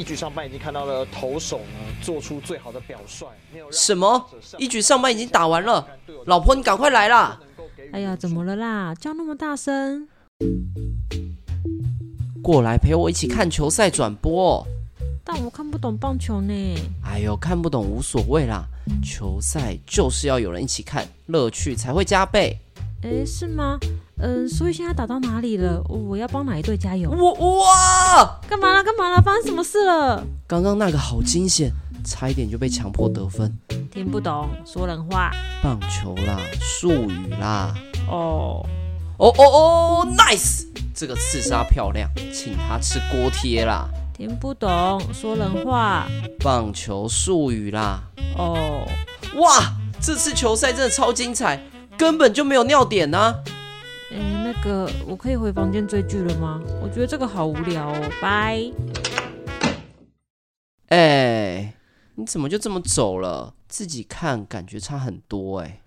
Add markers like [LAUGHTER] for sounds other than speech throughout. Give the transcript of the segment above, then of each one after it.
一局上半已經看到了投手呢，做出最好的表率。什麼？一局上半已經打完了？老婆，你趕快來啦！哎呀，怎麼了啦？叫那麼大聲？過來陪我一起看球賽轉播。但我看不懂棒球呢。哎呦，看不懂無所謂啦，球賽就是要有人一起看，樂趣才會加倍。哎，是嗎？嗯，所以現在打到哪裡了？我要幫哪一隊加油？我哇！幹嘛啦？幹嘛啦？發生什麼事了？剛剛那個好驚險，差一點就被強迫得分。聽不懂，說人話。棒球啦，術語啦。哦，哦哦哦，nice！這個刺殺漂亮，請他吃鍋貼啦。聽不懂，說人話。棒球術語啦。哦，oh。哇！這次球賽真的超精彩，根本就沒有尿點啊。哥，我可以回房間追劇了嗎？我覺得這個好無聊哦，拜。欸，你怎麼就這麼走了？自己看感覺差很多欸。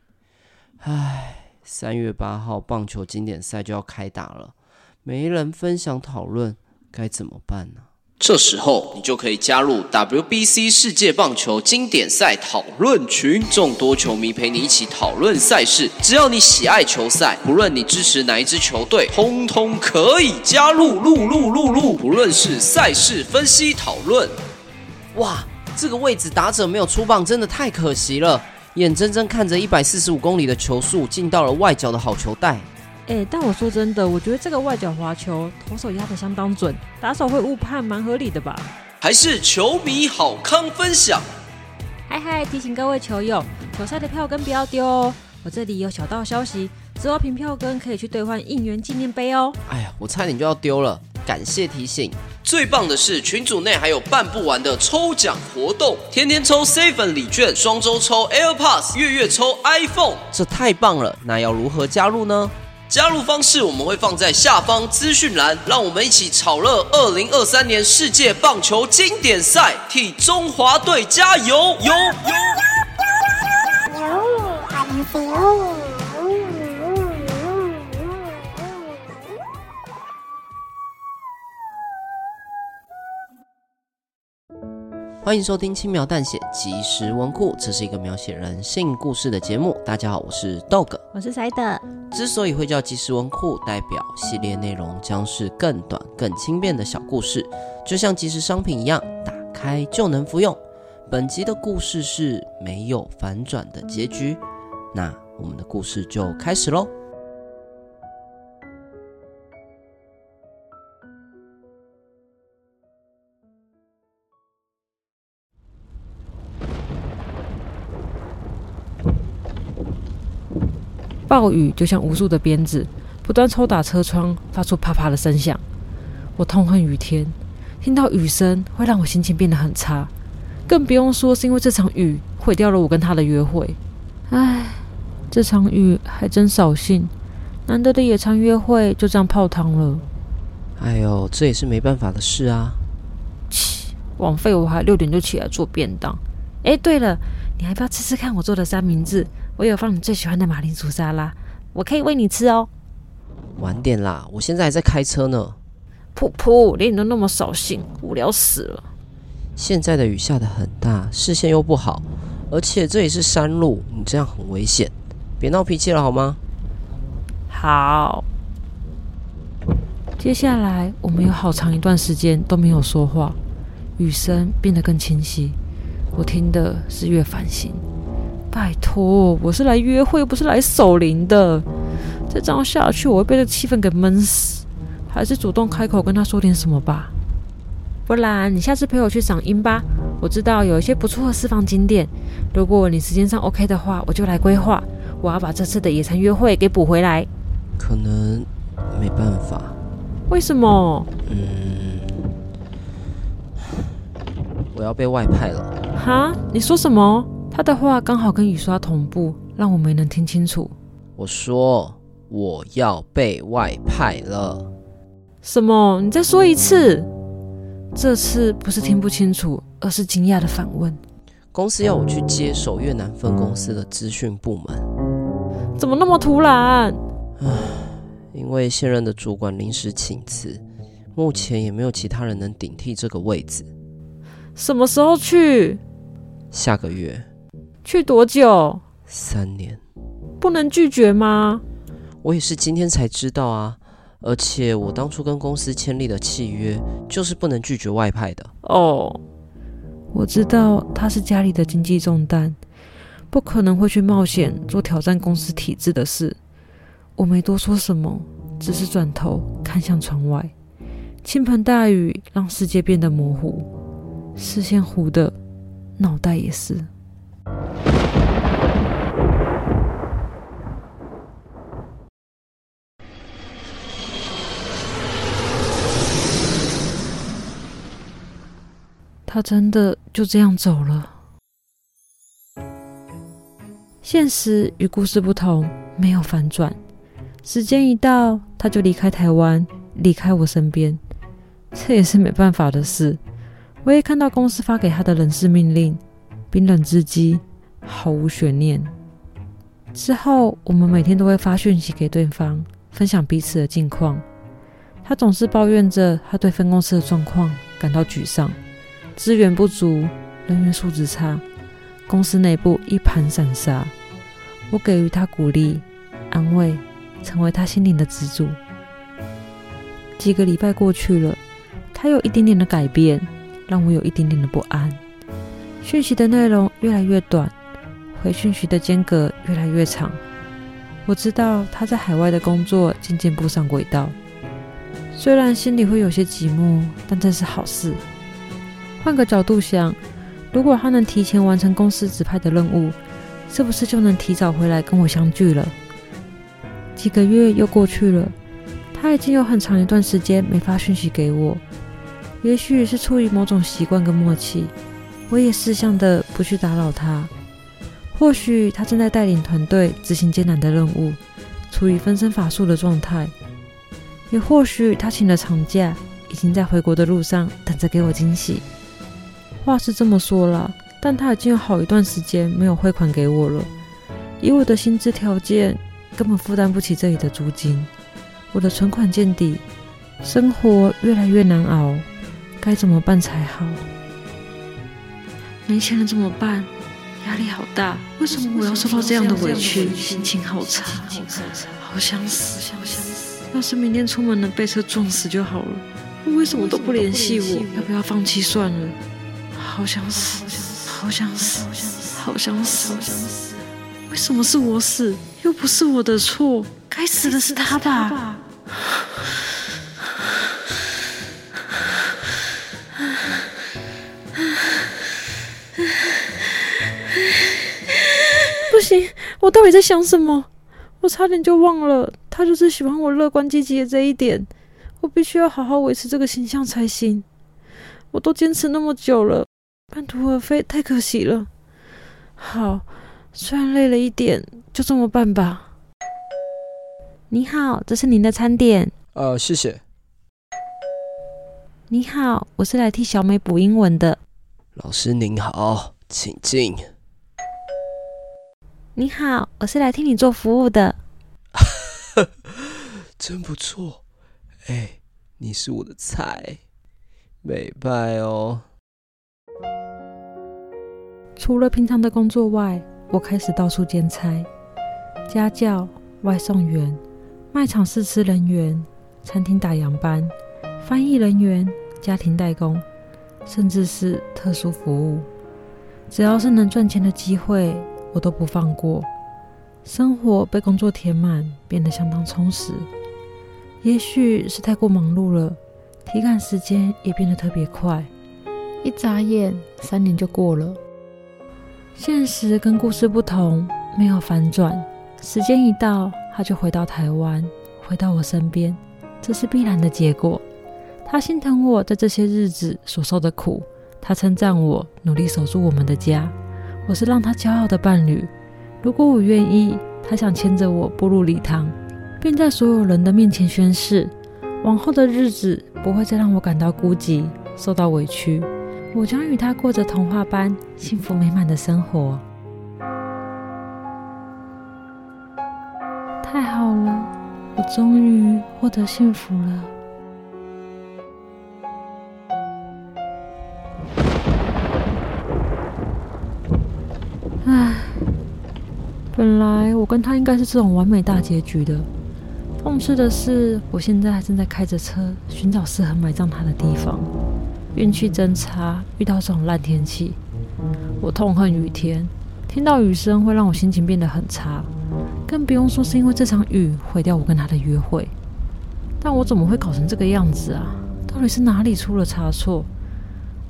唉，三月八號棒球經典賽就要開打了，沒人分享討論該怎麼辦呢？這時候，你就可以加入 WBC 世界棒球經典賽討論群，眾多球迷陪你一起討論賽事。只要你喜愛球賽，不論你支持哪一支球隊，通通可以加入。入入入入，不論是賽事分析討論。哇，這個位置打者沒有出棒，真的太可惜了！眼睜睜看着一百四十五公里的球速進到了外角的好球帶。哎、欸，但我說真的，我覺得這個外角滑球，投手壓得相當準，打手會誤判，蠻合理的吧？還是球迷好康分享。嗨嗨，提醒各位球友，球賽的票根不要丟哦。我這裡有小道消息，只要憑票根可以去兌換應援紀念杯哦。哎呀，我差點就要丟了，感謝提醒。最棒的是群組內還有辦不完的抽獎活動，天天抽 Seven 禮券，雙周抽 AirPods，月月抽 iPhone，這太棒了。那要如何加入呢？加入方式我們會放在下方資訊欄，讓我們一起炒熱二零二三年世界棒球經典賽，替中華隊加油！歡迎收聽《輕描淡血即食文庫》，這是一個描寫人性故事的節目。大家好，我是豆哥，我是 Cider。之所以會叫“即食文庫”，代表系列內容將是更短、更輕便的小故事，就像即食商品一樣，打開就能服用。本集的故事是沒有反轉的結局，那我們的故事就開始嘍。暴雨就像無數的鞭子，不斷抽打車窗，發出啪啪的聲響。我痛恨雨天，聽到雨聲會讓我心情變得很差，更不用說是因為這場雨毀掉了我跟他的約會。唉，這場雨還真掃興，難得的野餐約會就這樣泡湯了。哎呦，這也是沒辦法的事啊。切，枉費我還六點就起來做便當。哎、欸，對了，你還要不要吃吃看我做的三明治？我有放你最喜歡的馬鈴薯沙拉，我可以餵你吃哦。晚點啦，我現在還在開車呢。噗噗，連你都那麼掃興，無聊死了。現在的雨下得很大，視線又不好，而且這裡是山路，你這樣很危險。別鬧脾氣了好嗎？好。接下來我們有好長一段時間都沒有說話，雨聲變得更清晰，我聽的是越煩心。拜託，我是來約會，又不是來守靈的。再這樣下去，我會被這氣氛給悶死。還是主動開口跟他說點什麼吧。不然，你下次陪我去賞櫻吧。我知道有一些不錯的私房景點，如果你時間上 OK 的話，我就來規劃。我要把這次的野餐約會給補回來。可能沒辦法。為什麼？嗯，我要被外派了。哈？你說什麼？他的話剛好跟雨刷同步，讓我沒能聽清楚。我說：“我要被外派了。”什麼？你再說一次。這次不是聽不清楚，而是驚訝的反問：“公司要我去接手越南分公司的資訊部門？怎麼那麼突然？”唉，因為現任的主管臨時請辭，目前也沒有其他人能頂替這個位置。什麼時候去？下個月。去多久？三年。不能拒絕嗎？我也是今天才知道啊！而且我當初跟公司簽訂的契約，就是不能拒絕外派的。哦，我知道他是家裡的經濟重擔，不可能會去冒險做挑戰公司體制的事。我沒多說什麼，只是轉頭看向窗外。傾盆大雨讓世界變得模糊，視線糊的，腦袋也是。他真的就這樣走了。現實與故事不同，沒有反轉。時間一到，他就離開台灣，離開我身邊。這也是沒辦法的事。我也看到公司發給他的人事命令，冰冷至極，毫無懸念。之後，我們每天都會發訊息給對方，分享彼此的近況。他總是抱怨着他對分公司的狀況感到沮喪。資源不足，人員素質差，公司內部一盤散沙。我給予他鼓勵、安慰，成為他心靈的支柱。幾個禮拜過去了，他有一點點的改變，讓我有一點點的不安。訊息的內容越來越短，回訊息的間隔越來越長。我知道他在海外的工作漸漸步上軌道，雖然心裡會有些寂寞，但這是好事。換個角度想，如果他能提前完成公司指派的任務，是不是就能提早回來跟我相聚了？幾個月又過去了，他已經有很長一段時間沒發訊息給我。也許是出於某種習慣跟默契，我也識相的不去打擾他。或許他正在帶領團隊執行艱難的任務，處於分身乏術的狀態；也或許他請了長假，已經在回國的路上等着給我驚喜。話是這麼說啦，但他已經有好一段時間沒有匯款給我了。以我的薪資條件，根本負擔不起這裡的租金。我的存款見底，生活越來越難熬，該怎麼辦才好？沒錢了怎麼辦？壓力好大！為什麼我要受到這樣的委屈？委屈心情好差，好想死！好想死，要是明天出門能被車撞死就好了。為什麼都不聯繫我？要不要放棄算了？好想死，好想死，好想死，好想死！為什麼是我死？又不是我的錯，該死的是他吧！不行，我到底在想什麼？我差點就忘了，他就是喜歡我樂觀積極的這一點。我必須要好好維持這個形象才行。我都堅持那麼久了。半途而廢太可惜了。好，雖然累了一點，就這麼辦吧。你好，這是您的餐點。呃，謝謝。你好，我是來替小美補英文的。老師您好，請進。你好，我是來替你做服務的。 [LAUGHS] 真不錯。哎、欸，你是我的菜，美敗哦、喔。除了平常的工作外，我開始到處兼差：家教、外送員、賣場試吃人員、餐廳打烊班、翻譯人員、家庭代工，甚至是特殊服務。只要是能賺錢的機會，我都不放過。生活被工作填滿，變得相當充實。也許是太過忙碌了，體感時間也變得特別快，一眨眼三年就過了。現實跟故事不同，沒有反轉。時間一到，他就回到台灣，回到我身邊，這是必然的結果。他心疼我在這些日子所受的苦，他稱讚我努力守住我們的家，我是讓他驕傲的伴侶。如果我願意，他想牽着我步入禮堂，並在所有人的面前宣誓，往後的日子不會再讓我感到孤寂，受到委屈。我將與他過着童話般幸福美滿的生活。太好了，我終於獲得幸福了。唉，本來我跟他應該是這種完美大結局的。諷刺的是，我現在還正在開着車，尋找適合埋葬他的地方。運氣真差，遇到這種爛天氣。我痛恨雨天，聽到雨聲會讓我心情變得很差。更不用說是因為這場雨毀掉我跟他的約會。但我怎麼會搞成這個樣子啊？到底是哪裡出了差錯？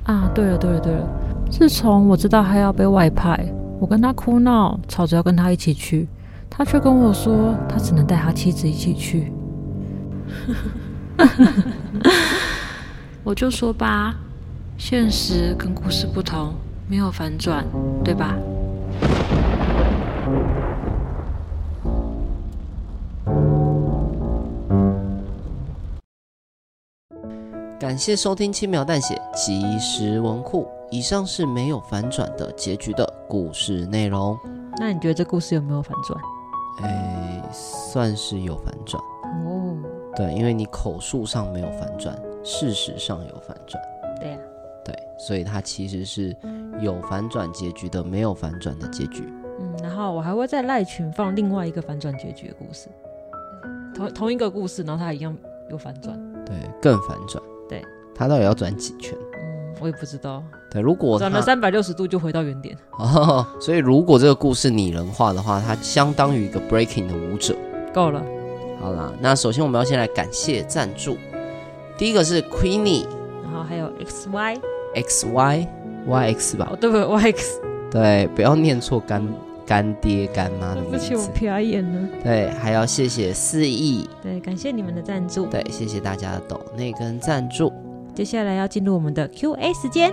啊，對了對了對了，自從我知道他要被外派，我跟他哭鬧，吵着要跟他一起去，他卻跟我說他只能帶他妻子一起去。 [LAUGHS] [LAUGHS] 我就說吧，現實跟故事不同，沒有反轉，對吧？感謝收聽《輕描淡血》即食文庫。以上是沒有反轉的結局的故事內容。那你覺得這故事有沒有反轉？誒，算是有反轉。哦、嗯，對，因為你口述上沒有反轉。事實上有反轉，對呀、啊，對，所以它其實是有反轉結局的，沒有反轉的結局。嗯，然後我還會在 LINE 群放另外一個反轉結局的故事，同同一個故事，然後它一樣有反轉，對，更反轉，對，它到底要轉幾圈？嗯，我也不知道。對，如果轉了三百六十度就回到原點哦。 [LAUGHS] 所以如果這個故事擬人化的話，它相當於一個 breaking 的舞者。夠了，好啦，那首先我們要先來感謝贊助。第一個是 Queenie，然後還有 X Y X Y Y X 吧？哦，對不對？Y X 對，不要念錯乾乾爹乾媽的名字。對不起，我瞟眼了。對，還要謝謝四溢。對，感謝你們的贊助。對，謝謝大家的抖內跟贊助。接下來要進入我們的 Q A 時間。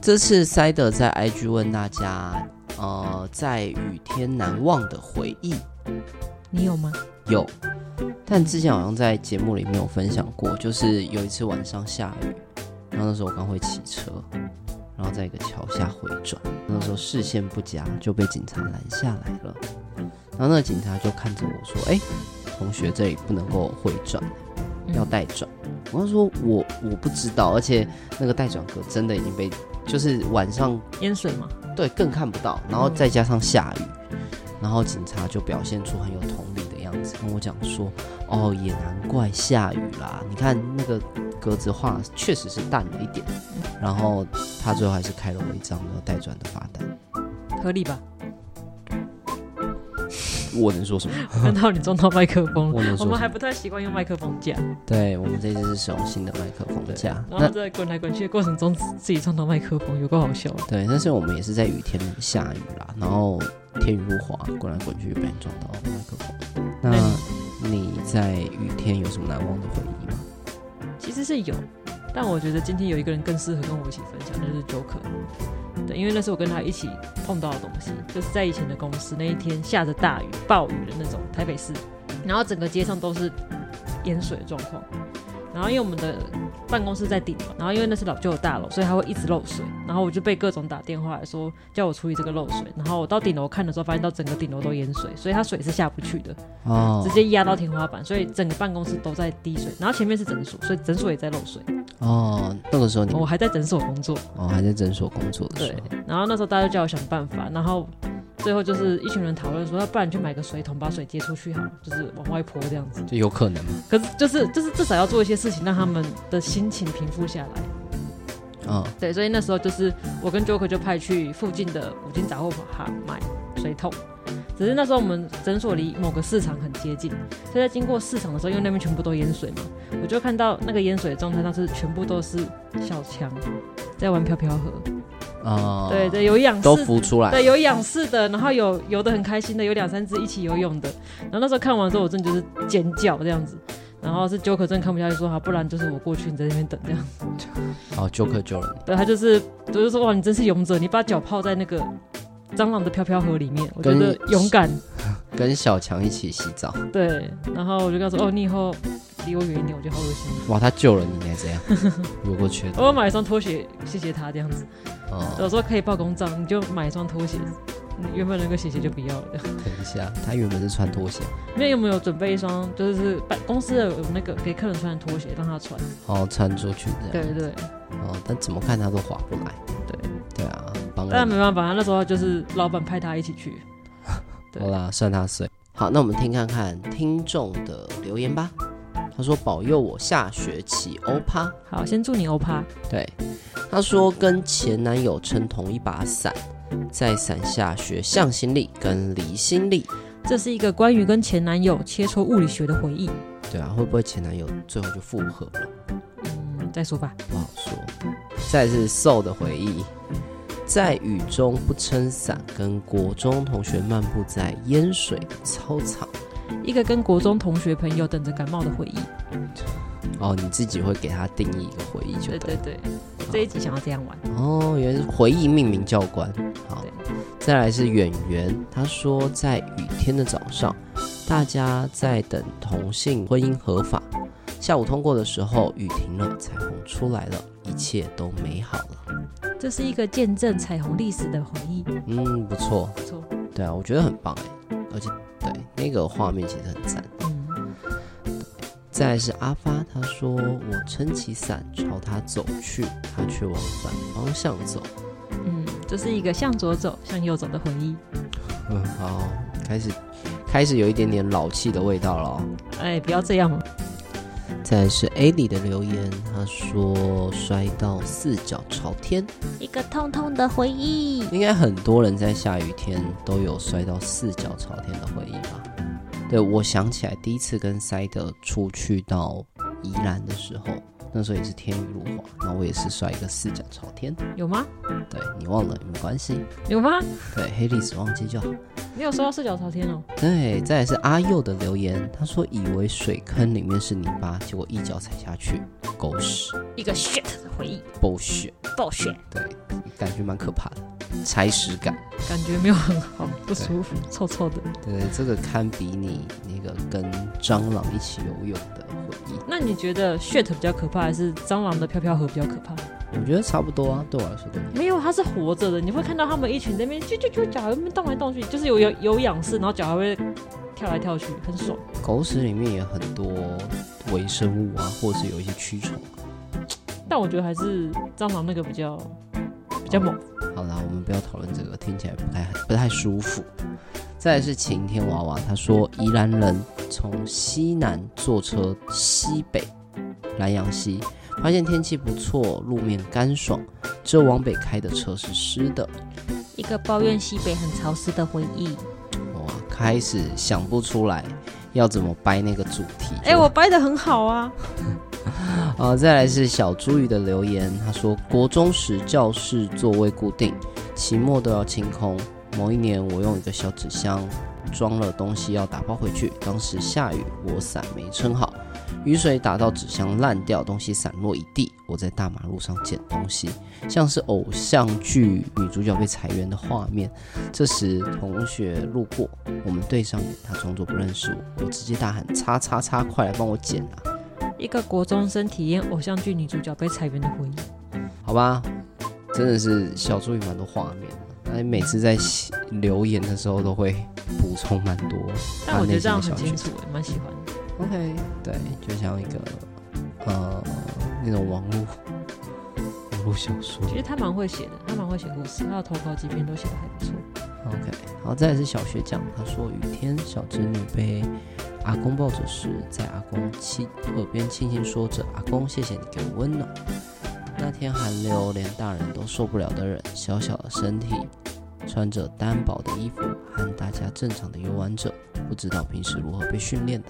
這次 Cider 在 IG 問大家，呃，在雨天難忘的回憶，你有嗎？有，但之前好像在節目裡面有分享過，就是有一次晚上下雨，然後那時候我剛會騎車，然後在一個橋下回轉，那時候視線不佳，就被警察攔下來了。然後那個警察就看着我說：“哎、欸，同學，這裡不能夠回轉，要待轉。就我”我剛說：“我我不知道。”而且那個待轉格真的已經被就是晚上淹水嘛？對，更看不到。然後再加上下雨，然後警察就表現出很有同。跟我講說，哦，也難怪下雨啦。你看那個格子畫確實是淡了一點，然後他最後還是開了我一張沒有反轉的罰單，合理吧？ [LAUGHS] 我能說什麼？難 [LAUGHS] 道你撞到麥克風了？我能說什麼？我們還不太習慣用麥克風架。 [LAUGHS] 對我們這次是使用新的麥克風架。對那然後在滾來滾去的過程中，自己撞到麥克風，有夠好笑。對，但是我們也是在雨天下雨啦，然後。天如滑，滾來滾去，被你撞到那，那你在雨天有什麼難忘的回憶嗎？其實是有，但我覺得今天有一個人更適合跟我一起分享，那就是 Joker。對，因為那是我跟他一起碰到的東西，就是在以前的公司，那一天下着大雨，暴雨的那種台北市，然後整個街上都是淹水的狀況。然後因為我們的辦公室在頂樓嘛，然後因為那是老舊的大樓，所以它會一直漏水。然後我就被各種打電話來說叫我處理這個漏水。然後我到頂樓看的時候，發現到整個頂樓都淹水，所以它水是下不去的，哦、嗯，直接壓到天花板，所以整個辦公室都在滴水。然後前面是診所，所以診所也在漏水。哦，那個時候你我還在診所工作，哦，還在診所工作的時候。對，然後那時候大家就叫我想辦法，然後。最後就是一群人討論說，要不然去買個水桶把水接出去好了，就是往外潑這樣子，就有可能嗎？可是就是就是至少要做一些事情，讓他們的心情平復下來。啊、哦，對，所以那時候就是我跟 Joker 就派去附近的五金雜貨鋪哈買水桶。只是那時候我們診所離某個市場很接近，所以在經過市場的時候，因為那邊全部都淹水嘛，我就看到那個淹水的狀態，那是全部都是小強在玩飄飄河。啊，嗯、對對，有仰式都浮出來，對，有仰式的，然後有游得很開心的，有兩三隻一起游泳的。然後那時候看完之後，我真的就是尖叫這樣子。然後是 Joker 真看不下去，說好，不然就是我過去，你在那邊等這樣子。好 [LAUGHS] 就、oh,，Joker 救人，對他就是，我就是、說哇，你真是勇者，你把腳泡在那個。蟑螂的飄飄河裡面，我覺得勇敢，跟,跟小強一起洗澡。對，然後我就告訴哦，你以後離我遠一點，我覺得好噁心。哇，他救了你，應該這樣？如果去，我要買一雙拖鞋，謝謝他這樣子。哦，我說可以報公賬，你就買一雙拖鞋，你原本那個鞋鞋就不要了。等一下，他原本是穿拖鞋。那有沒有準備一雙？就是辦公司的那個給客人穿的拖鞋，讓他穿。好、哦、穿出去的。對,對對。哦，但怎麼看他都划不來。但沒辦法，那時候就是老板派他一起去。對 [LAUGHS] 好啦，算他衰。好，那我們聽看看聽眾的留言吧。他說：“保佑我下學期歐趴。”好，先祝你歐趴。對。他說：“跟前男友撐同一把傘，在傘下學向心力跟離心力。”這是一個關於跟前男友切磋物理學的回憶。對啊，會不會前男友最後就復合了？嗯，再說吧。不好說。再來是瘦、so、的回憶。在雨中不撐傘，跟國中同學漫步在淹水操場，一個跟國中同學朋友等着感冒的回憶。哦，你自己會給他定義一個回憶就，就對對對。好這一集想要這樣玩。哦，原來是回憶命名教官。好，對再來是演員，他說在雨天的早上，大家在等同性婚姻合法，下午通過的時候，雨停了，彩虹出來了，一切都美好了。這是一個見證彩虹歷史的回憶，嗯，不錯，不錯，對啊，我覺得很棒欸，而且對那個畫面其實很讚，嗯。再來是阿發，他說我撐起傘朝他走去，他卻往反方向走，嗯，這是一個向左走向右走的回憶，嗯，好，開始開始有一點點老氣的味道了，哎，不要這樣。再是 A 裡的留言，他說摔到四腳朝天，一個痛痛的回憶。應該很多人在下雨天都有摔到四腳朝天的回憶吧？對我想起來，第一次跟 Cider 出去到宜蘭的時候。那時候也是天雨路滑，那我也是摔一個四腳朝天，有嗎？對，你忘了，沒關係，有嗎？對，黑歷史忘記就好。沒有說到四腳朝天哦？對，再來是阿佑的留言，他說以為水坑裡面是泥巴，結果一腳踩下去，狗屎！一個 shit 的回憶，暴雪暴雪。雪對，感覺蠻可怕的，踩屎感，感覺沒有很好，不舒服，對臭臭的。對，這個堪比你那個跟蟑螂一起游泳的。那你覺得 shit 比較可怕，還是蟑螂的飄飄盒比較可怕？我覺得差不多啊，對我來說。沒有，它是活着的，你會看到它們一群在那邊啾啾啾腳還會動來動去，就是有有有仰視，然後腳還會跳來跳去，很爽。狗屎裡面也很多微生物啊，或者有一些蛆蟲，但我覺得還是蟑螂那個比較比較猛。嗯好了，我們不要討論這個，聽起來不太不太舒服。再來是晴天娃娃，他說宜蘭人從西南坐車西北，蘭陽溪，發現天氣不錯，路面乾爽，只有往北開的車是濕的，一個抱怨西北很潮濕的回憶。我開始想不出來要怎麼掰那個主題。哎、欸，我掰得很好啊。 [LAUGHS] 啊、呃，再來是小茱萸的留言，他說：國中時教室座位固定，期末都要清空。某一年，我用一個小紙箱裝了東西要打包回去，當時下雨，我傘沒撐好，雨水打到紙箱爛掉，東西散落一地。我在大馬路上撿東西，像是偶像劇女主角被裁員的畫面。這時同學路過，我們對上眼，他裝作不認識我，我直接大喊：叉叉叉，叉，快來幫我撿啊！一個國中生體驗偶像劇女主角被裁員的婚姻。好吧，真的是小說有蠻多畫面，那你每次在寫留言的時候都會補充蠻多。但，但我覺得這樣很清楚，蠻喜歡的。OK，對，就像一個呃那種網絡網絡小說。其實他蠻會寫的，他蠻會寫故事，他的投稿幾篇都寫的還不錯。OK，好，再來是小學講，他說雨天小侄女被。阿公抱着時，在阿公耳邊輕輕說着：“阿公，謝謝你給我溫暖喔。”那天寒流連大人都受不了的人，小小的身體穿着單薄的衣服，和大家正常的遊玩者，不知道平時如何被訓練的。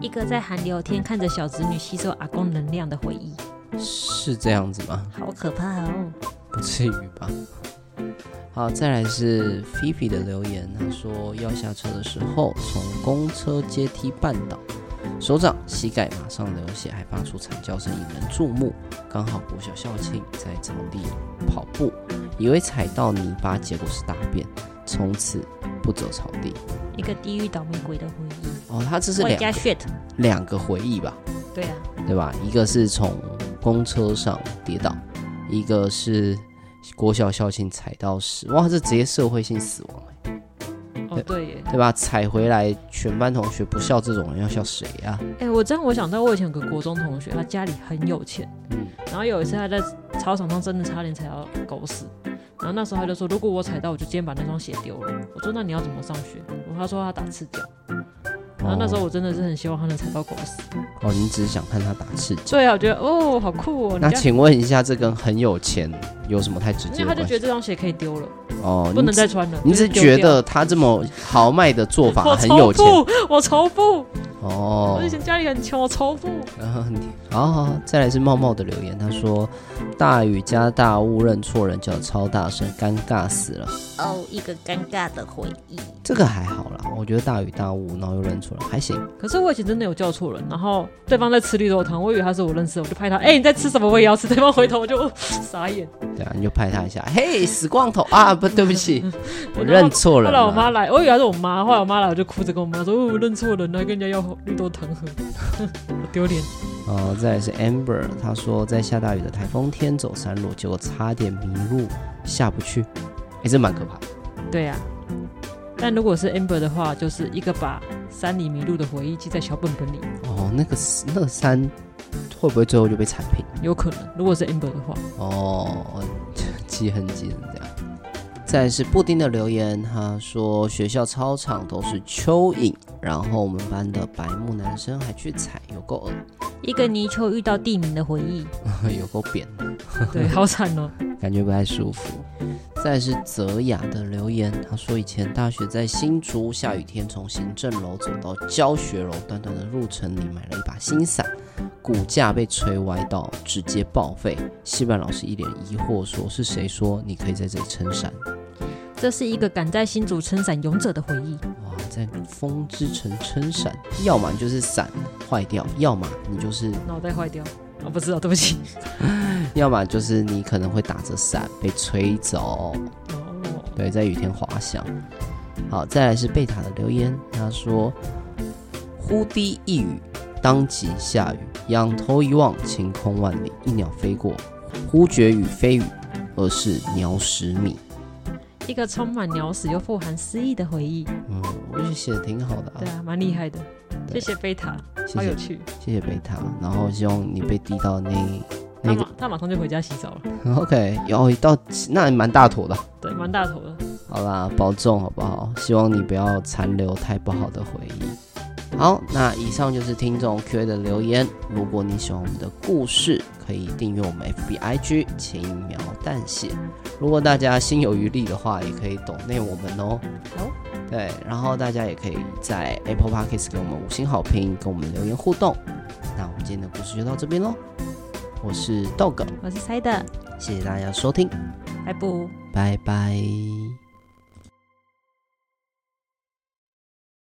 一個在寒流天看着小侄女吸收阿公能量的回憶，是這樣子嗎？好可怕哦！不至於吧？好，再來是菲菲的留言。他說要下車的時候，從公車階梯絆倒，手掌膝蓋馬上流血，還發出慘叫聲引人注目。剛好國小校慶，在草地跑步，以為踩到泥巴，結果是大便，從此不走草地。一個地獄倒霉鬼的回憶哦，他這是兩兩個回憶吧？對啊，對吧？一個是從公車上跌倒，一個是。國小校慶踩到屎哇！這直接社會性死亡哎、欸！哦對耶，對吧？踩回來，全班同學不笑這種人，要笑誰啊？哎，我真的我想到我以前有個國中同學，他家裡很有錢，嗯、然後有一次他在操場上真的差點踩到狗屎，然後那時候他就說，如果我踩到，我就今天把那雙鞋丟了。我說那你要怎麼上學？他說他打赤腳。然後、哦、那時候我真的是很希望他能踩到狗屎。哦，你只是想看他打赤腳。對啊，我覺得哦，好酷哦。那請問一下，這個很有錢有什麼太直接？因為他就覺得這雙鞋可以丟了，哦，不能再穿了。你，只了你是覺得他這麼豪邁的做法很有錢？我仇富，我仇富哦。我以前家裡很窮，我仇富。然後、嗯，好好再來是茂茂的留言，他說。大雨加大霧，認錯人叫超大聲，尷尬死了。哦，一個尷尬的回憶。這個還好啦，我覺得大雨大霧，然後又認錯了，還行。可是我以前真的有叫錯人，然後對方在吃綠豆湯，我以為他是我認識的，我就拍他，哎、欸，你在吃什麼？我也要吃。對方回頭我就 [LAUGHS] 傻眼。對啊，你就拍他一下，嘿，死光頭啊！不，對不起， [LAUGHS] 我後認錯人了。後來我媽來，我以為他是我媽，後來我媽來，我就哭着跟我媽說，我、哦、認錯人了，跟人家要綠豆湯喝， [LAUGHS] 好丟臉。呃，再是 Amber，他說在下大雨的台風天走山路，結果差點迷路，下不去，還是蠻可怕。對呀、啊，但如果是 Amber 的話，就是一個把山裡迷路的回憶記在小本本裡。哦，那個那個山會不會最後就被鏟平？有可能，如果是 Amber 的話。哦，記恨記恨這樣。再是布丁的留言，他說學校操場都是蚯蚓，然後我們班的白目男生還去踩，有夠噁。一個泥鰍遇到地名的回憶， [LAUGHS] 有夠扁的， [LAUGHS] 對，好慘哦，感覺不太舒服。再是澤雅的留言，他說以前大學在新竹，下雨天從行政樓走到教學樓，短短的路程裡買了一把新傘，骨架被吹歪到，直接報廢。西班老師一臉疑惑說：“是誰說你可以在這裡撐傘？”這是一個敢在新竹撐傘勇者的回憶。哇，在風之城撐傘，要麼就是傘壞掉，要麼你就是腦袋壞掉，我、哦、不知道，對不起。 [LAUGHS] 要麼就是你可能會打着傘被吹走，哦哦哦、對，在雨天滑翔。好，再來是貝塔的留言，他說：“忽低一雨，當即下雨；仰頭一望，晴空萬里。一鳥飛過，忽覺雨非雨，而是鳥屎米。”一個充滿鳥屎又富含詩意的回憶。嗯，我覺得寫的挺好的、啊嗯，對啊，蠻厲害的。謝謝貝塔，好有趣。謝謝貝塔，然後希望你被滴到那那個、嗯，他馬上就回家洗澡了。 [LAUGHS] OK，然後一到那蠻大坨的，對，蠻大坨的。好啦，保重好不好？希望你不要殘留太不好的回憶。好，那以上就是聽眾 Q&A 的留言。如果你喜歡我們的故事，可以訂閱我們 FB IG 輕描淡血。如果大家心有餘力的話，也可以抖內我們、喔、哦。好。對，然後大家也可以在 Apple Podcast 給我們五星好評，跟我們留言互動。那我們今天的故事就到這邊嘍。我是 Dog，我是 Cider，謝謝大家收聽，拜拜，拜拜。